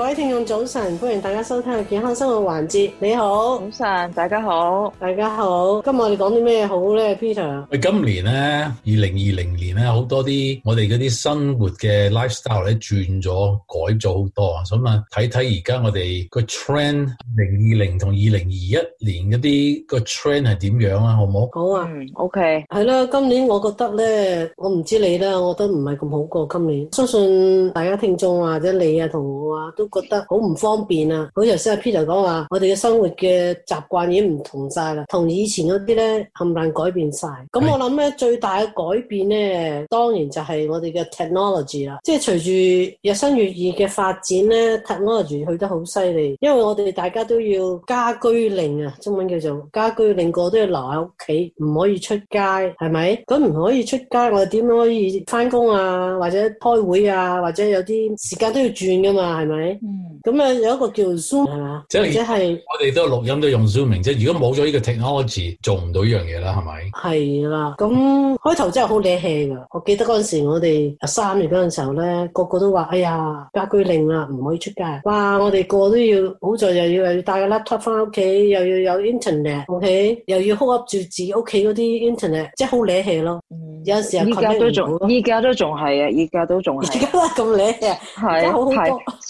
各位聽眾早晨，歡迎大家收聽健康生活環節。你好，早晨，大家好，大家好。今日我哋講啲咩好咧，Peter？今年咧，二零二零年咧，好多啲我哋嗰啲生活嘅 lifestyle 咧，轉咗，改咗好多啊。想問，睇睇而家我哋個 trend，二零二零同二零二一年嗰啲個 trend 係點樣啊？好唔好？好啊，嗯，OK，係啦。今年我覺得咧，我唔知你咧，我覺得唔係咁好過今年。相信大家聽眾或者你啊同我啊都覺得好唔方便啊！好似頭先阿 Peter 講話，我哋嘅生活嘅習慣已經唔同晒啦，同以前嗰啲咧冚唪唥改變晒。咁我諗咧最大嘅改變咧，當然就係我哋嘅 technology 啦。即係隨住日新月異嘅發展咧，technology 去得好犀利。因為我哋大家都要家居令啊，中文叫做家居令，個個都要留喺屋企，唔可以出街，係咪？咁唔可以出街，我哋點樣可以翻工啊？或者開會啊？或者有啲時間都要轉噶嘛，係咪？嗯，咁啊有一個叫 Zoom 係嘛，即係我哋都錄音都用 Zoom，即係如果冇咗呢個 technology，做唔到一樣嘢啦，係咪？係啦，咁開頭真係好惹氣噶我記得嗰陣時我哋三年嗰陣時候咧，個個都話，哎呀家居令啦，唔可以出街，哇，我哋個個都要，好在又要又要帶個 laptop 翻屋企，又要有 internet，OK，又要 hold up 住自己屋企嗰啲 internet，即係好惹氣咯嗯，有陣時而家都仲，而家都仲係啊，而家都仲係。而家都係咁惹氣，係啊，係。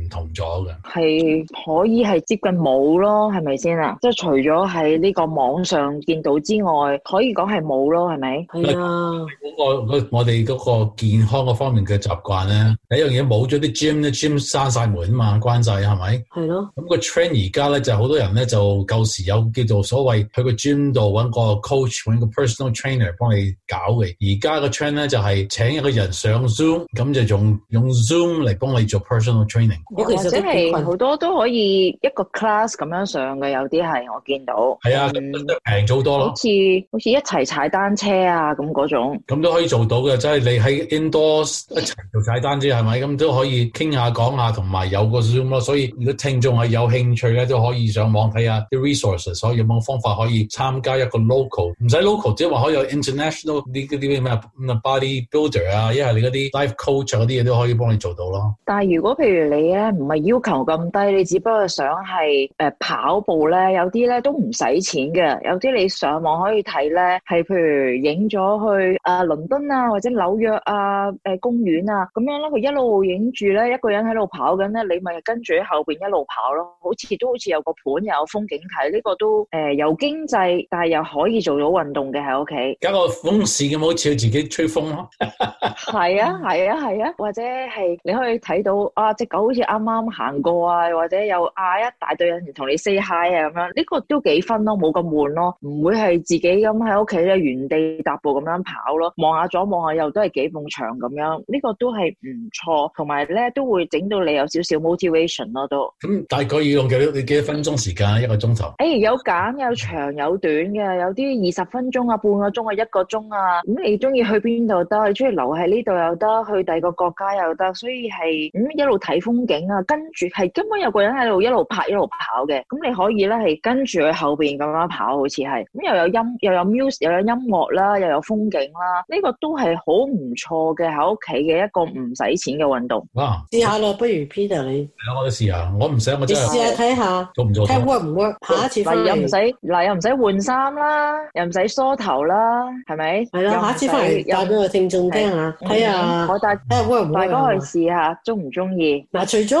同咗嘅，係可以係接近冇咯，係咪先啊？即係除咗喺呢個網上見到之外，可以講係冇咯，係咪？係啊，個我哋嗰個健康嗰方面嘅習慣咧，第一樣嘢冇咗啲 gym 咧，gym 閂晒門啊嘛，關晒係咪？係咯。咁個 trend 而家咧就好多人咧就舊時有叫做所謂去個 gym 度搵個 coach 搵個 personal trainer 幫你搞嘅，而家個 trend 咧就係請一個人上 zoom，咁就用用 zoom 嚟幫你做 personal training。其實真係好多都可以一個 class 咁樣上嘅，有啲係我見到。係啊，平、嗯、咗好多咯。好似好似一齊踩單車啊咁嗰種。咁都可以做到嘅，即、就、係、是、你喺 indoors 一齊做踩單車係咪？咁 都可以傾下講下，同埋有，有個 Zoom 咯。所以如果聽眾係有興趣咧，都可以上網睇下啲 resources，所以有冇方法可以參加一個 local？唔使 local，即係話可以有 international 啲啲咩 bodybuilder 啊，一係你嗰啲 life coach 啊嗰啲嘢都可以幫你做到咯。但係如果譬如你咧？唔係要求咁低，你只不過是想係誒、呃、跑步咧，有啲咧都唔使錢嘅，有啲你上網可以睇咧，係譬如影咗去啊倫敦啊或者紐約啊誒、欸、公園啊咁樣咯，佢一路影住咧，一個人喺度跑緊咧，你咪跟住喺後邊一路跑咯，好似都好似有個盤有個風景睇，呢、這個都誒有、呃、經濟，但係又可以做到運動嘅喺屋企。搞個風扇嘅，好似自己吹風咯、啊。係 啊係啊係啊，啊，或者係你可以睇到啊隻狗好似啱。啱啱行過啊，或者又嗌一大堆人同你 say hi 啊，咁樣呢個都幾分咯，冇咁悶咯，唔會係自己咁喺屋企咧原地踏步咁樣跑咯，望下左望下右都係幾埲牆咁樣，呢個都係唔錯，同埋咧都會整到你有少少 motivation 咯都。咁大概要用幾幾多分鐘時間一個鐘頭？誒，有揀有長有短嘅，有啲二十分鐘啊，半個鐘啊，一個鐘啊，咁你中意去邊度得？你中意留喺呢度又得，去第二個國家又得，所以係一路睇風景。啊，跟住係根本有個人喺度一路拍一路跑嘅，咁你可以咧係跟住佢後邊咁樣跑，好似係咁又有音又有 music 又有音樂啦，又有風景啦，呢個都係好唔錯嘅喺屋企嘅一個唔使錢嘅運動。嗱，試下咯，不如 Peter 你我哋試下，我唔使我真係試下睇下做唔做，睇 work 唔 work 下。下一次嚟又唔使嗱又唔使換衫啦，又唔使梳頭啦，係咪？係啦，下一次翻嚟帶俾個聽眾聽下睇啊，我帶大家去試下中唔中意。嗱、啊，除咗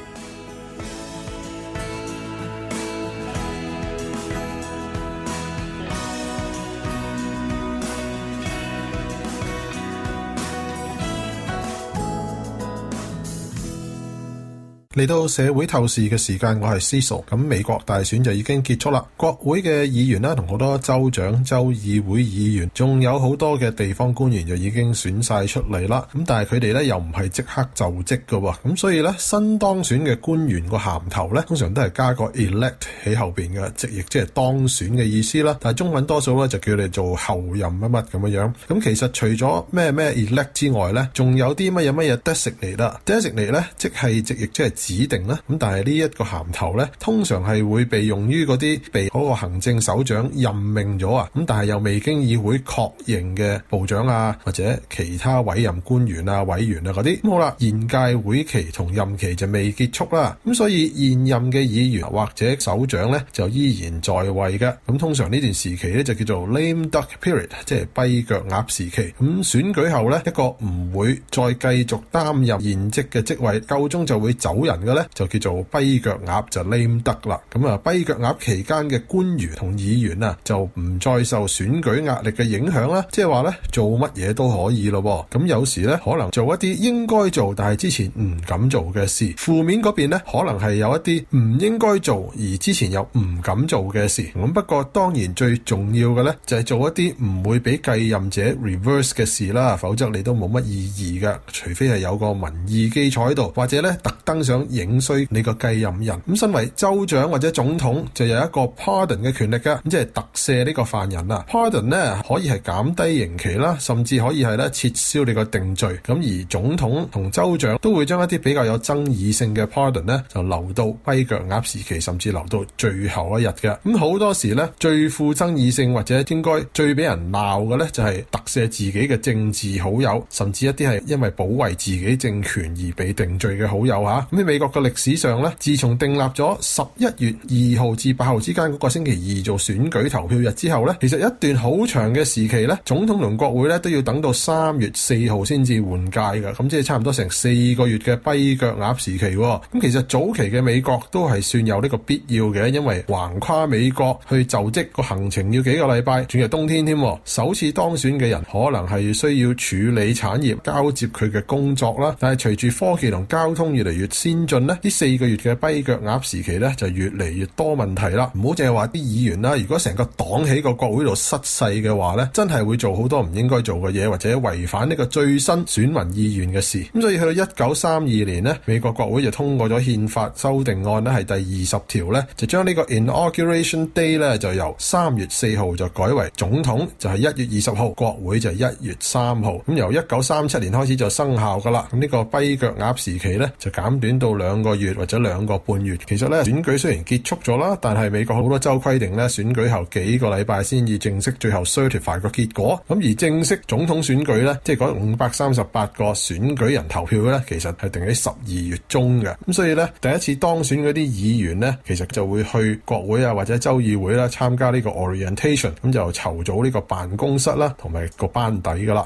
嚟到社會透視嘅時間，我係思蘇。咁美國大選就已經結束啦，國會嘅議員啦，同好多州長、州議會議員，仲有好多嘅地方官員就已經選晒出嚟啦。咁但係佢哋咧又唔係即刻就職噶喎。咁所以咧，新當選嘅官員個銜頭咧，通常都係加個 elect 喺後邊嘅，即係亦即係當選嘅意思啦。但係中文多數咧就叫你做後任乜乜咁樣樣。咁其實除咗咩咩 elect 之外咧，仲有啲乜嘢乜嘢 designate 嚟啦 designate 嚟咧，即係即係，亦即係。指定啦，咁但係呢一個銜頭咧，通常係會被用於嗰啲被嗰個行政首長任命咗啊，咁但係又未經議會確認嘅部長啊，或者其他委任官員啊、委員啊嗰啲。咁好啦，現屆會期同任期就未結束啦，咁所以現任嘅議員或者首長咧就依然在位嘅。咁通常呢段時期咧就叫做 lame duck period，即係跛腳鴨時期。咁選舉後咧一個唔會再繼續擔任現職嘅職位，夠鐘就會走入人嘅咧就叫做跛腳鴨就 lame 得啦，咁、嗯、啊跛腳鴨期間嘅官員同議員啊就唔再受選舉壓力嘅影響啦，即係話咧做乜嘢都可以咯，咁有時咧可能做一啲應該做但係之前唔敢做嘅事，負面嗰邊咧可能係有一啲唔應該做而之前又唔敢做嘅事，咁不過當然最重要嘅咧就係、是、做一啲唔會俾繼任者 reverse 嘅事啦，否則你都冇乜意義嘅，除非係有個民意基礎喺度，或者咧特登上。影衰你個繼任人，咁，身為州長或者總統就有一個 pardon 嘅權力噶，咁即係特赦呢個犯人啦。pardon 呢，可以係減低刑期啦，甚至可以係咧撤銷你個定罪。咁而總統同州長都會將一啲比較有爭議性嘅 pardon 呢，就留到跛腳鴨時期，甚至留到最後一日嘅。咁好多時呢，最富爭議性或者應該最俾人鬧嘅呢，就係、是、特赦自己嘅政治好友，甚至一啲係因為保衛自己政權而被定罪嘅好友吓。美國嘅歷史上咧，自從訂立咗十一月二號至八號之間嗰個星期二做選舉投票日之後咧，其實一段好長嘅時期咧，總統同國會咧都要等到三月四號先至換屆㗎，咁即係差唔多成四個月嘅跛腳鴨時期。咁其實早期嘅美國都係算有呢個必要嘅，因為橫跨美國去就職個行程要幾個禮拜，轉入冬天添。首次當選嘅人可能係需要處理產業交接佢嘅工作啦，但係隨住科技同交通越嚟越先進咧，呢四個月嘅跛腳鴨時期咧就越嚟越多問題啦。唔好淨係話啲議員啦，如果成個黨喺個國會度失勢嘅話咧，真係會做好多唔應該做嘅嘢，或者違反呢個最新選民意願嘅事。咁所以去到一九三二年咧，美國國會就通過咗憲法修訂案咧，係第二十條咧，就將呢個 Inauguration Day 咧就由三月四號就改為總統就係一月二十號，國會就係一月三號。咁由一九三七年開始就生效噶啦。咁呢個跛腳鴨時期咧就減短到。兩個月或者兩個半月，其實咧選舉雖然結束咗啦，但係美國好多州規定咧選舉後幾個禮拜先至正式最後 certify 個結果。咁而正式總統選舉咧，即係嗰五百三十八個選舉人投票咧，其實係定喺十二月中嘅。咁所以咧，第一次當選嗰啲議員咧，其實就會去國會啊或者州議會啦、啊、參加呢個 orientation，咁、嗯、就籌組呢個辦公室啦同埋個班底噶啦。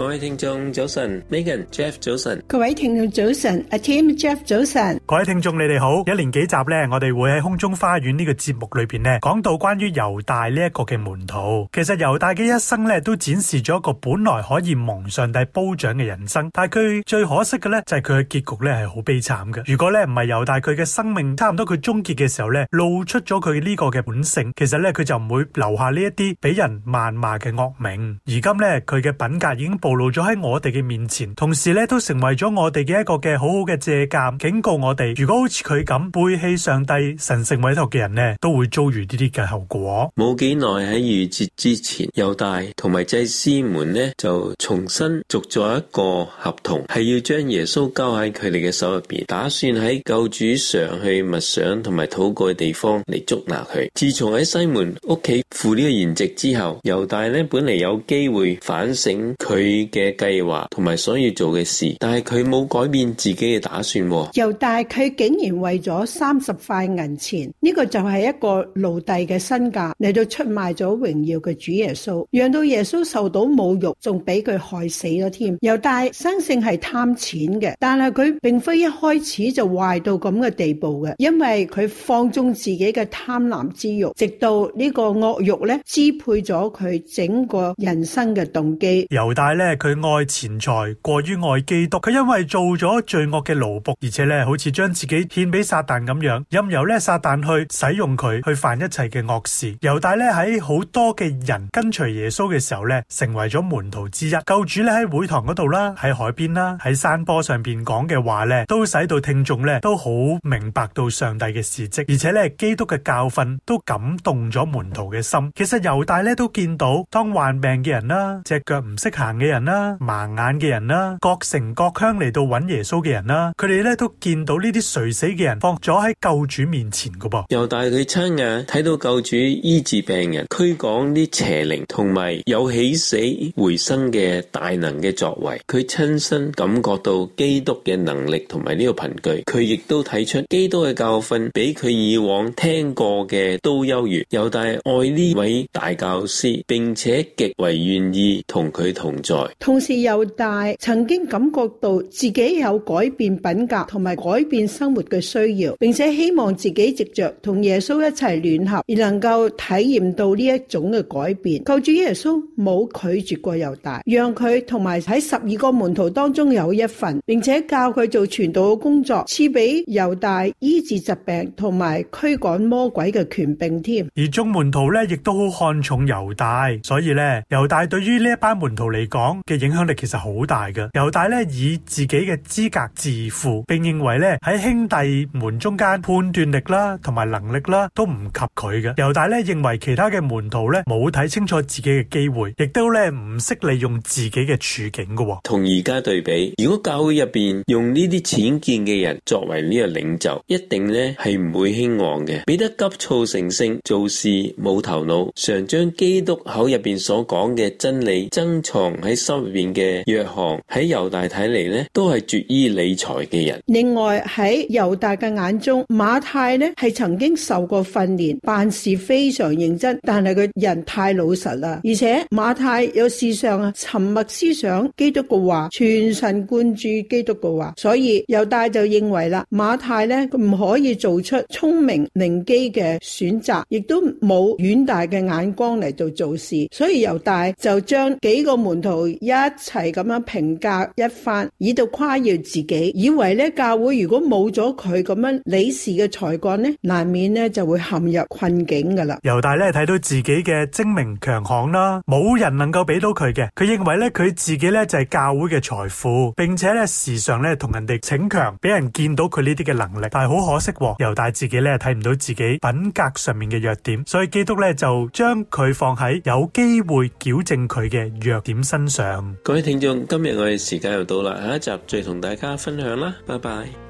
各位聽眾早晨，Megan、Jeff 早晨，各位聽眾早晨，阿 Tim、Jeff 早晨，各位聽眾你哋好。一連幾集咧，我哋會喺空中花園呢個節目裏邊咧，講到關於猶大呢一個嘅門徒。其實猶大嘅一生咧，都展示咗一個本來可以蒙上帝褒獎嘅人生，但係佢最可惜嘅咧，就係佢嘅結局咧係好悲慘嘅。如果咧唔係猶大，佢嘅生命差唔多佢終結嘅時候咧，露出咗佢呢個嘅本性，其實咧佢就唔會留下呢一啲俾人謾罵嘅惡名。而今咧，佢嘅品格已經暴。暴露咗喺我哋嘅面前，同時咧都成為咗我哋嘅一個嘅好好嘅借鑒，警告我哋，如果好似佢咁背棄上帝、神聖委託嘅人呢，都會遭遇呢啲嘅後果。冇幾耐喺逾節之前，猶大同埋祭司們呢就重新續咗一個合同，係要將耶穌交喺佢哋嘅手入邊，打算喺救主常去默想同埋禱告嘅地方嚟捉拿佢。自從喺西門屋企赴呢個筵席之後，猶大呢本嚟有機會反省佢。嘅計劃同埋想要做嘅事，但係佢冇改變自己嘅打算。猶大佢竟然為咗三十塊銀錢，呢、這個就係一個奴隸嘅身價嚟到出賣咗榮耀嘅主耶穌，讓到耶穌受到侮辱，仲俾佢害死咗添。猶大生性係貪錢嘅，但係佢並非一開始就壞到咁嘅地步嘅，因為佢放縱自己嘅貪婪之欲，直到這個惡呢個惡欲咧支配咗佢整個人生嘅動機。猶大咧。佢愛錢財過於愛基督，佢因為做咗罪惡嘅奴僕，而且咧好似將自己獻俾撒旦咁樣，任由咧撒旦去使用佢去犯一切嘅惡事。猶大咧喺好多嘅人跟隨耶穌嘅時候咧，成為咗門徒之一。救主咧喺會堂嗰度啦，喺海邊啦，喺山坡上邊講嘅話咧，都使到聽眾咧都好明白到上帝嘅事蹟，而且咧基督嘅教訓都感動咗門徒嘅心。其實猶大咧都見到，當患病嘅人啦，隻腳唔識行嘅，人啦，盲眼嘅人啦，各城各鄉嚟到揾耶穌嘅人啦，佢哋咧都見到呢啲垂死嘅人放咗喺救主面前噶噃，猶大佢親眼睇到救主醫治病人、驅趕啲邪靈，同埋有起死回生嘅大能嘅作為，佢親身感覺到基督嘅能力同埋呢個憑據，佢亦都睇出基督嘅教訓比佢以往聽過嘅都優越，猶大愛呢位大教師，並且極為願意同佢同在。同時猶大曾經感覺到自己有改變品格同埋改變生活嘅需要，並且希望自己藉着同耶穌一齊聯合而能夠體驗到呢一種嘅改變。救主耶穌冇拒絕過猶大，讓佢同埋喺十二個門徒當中有一份，並且教佢做傳道嘅工作，賜俾猶大醫治疾病同埋驅趕魔鬼嘅權柄添。而衆門徒咧亦都好看重猶大，所以咧猶大對於呢一班門徒嚟講。嘅影響力其實好大嘅，猶大咧以自己嘅資格自負，並認為咧喺兄弟們中間判斷力啦同埋能力啦都唔及佢嘅。猶大咧認為其他嘅門徒咧冇睇清楚自己嘅機會，亦都咧唔識利用自己嘅處境嘅，哦。同而家對比，如果教會入邊用呢啲淺見嘅人作為呢個領袖，一定咧係唔會興旺嘅，變得急躁成性，做事冇頭腦，常將基督口入邊所講嘅真理珍藏喺。心入邊嘅弱項，喺猶大睇嚟呢，都係絕於理財嘅人。另外喺猶大嘅眼中，馬太呢係曾經受過訓練，辦事非常認真，但係佢人太老實啦。而且馬太有事上啊沉默思想，基督嘅話，全神貫注基督嘅話，所以猶大就認為啦，馬太呢，佢唔可以做出聰明靈機嘅選擇，亦都冇遠大嘅眼光嚟到做事。所以猶大就將幾個門徒。一齊咁樣評價一番，以度誇耀自己，以為咧教會如果冇咗佢咁樣理事嘅才幹呢，難免咧就會陷入困境噶啦。猶大咧睇到自己嘅精明強項啦，冇人能夠俾到佢嘅。佢認為咧佢自己咧就係教會嘅財富，並且咧時常咧同人哋逞強，俾人見到佢呢啲嘅能力。但係好可惜哦，猶大自己咧睇唔到自己品格上面嘅弱點，所以基督咧就將佢放喺有機會矯正佢嘅弱點身上。各位聽眾，今日我哋時間又到啦，下一集再同大家分享啦，拜拜。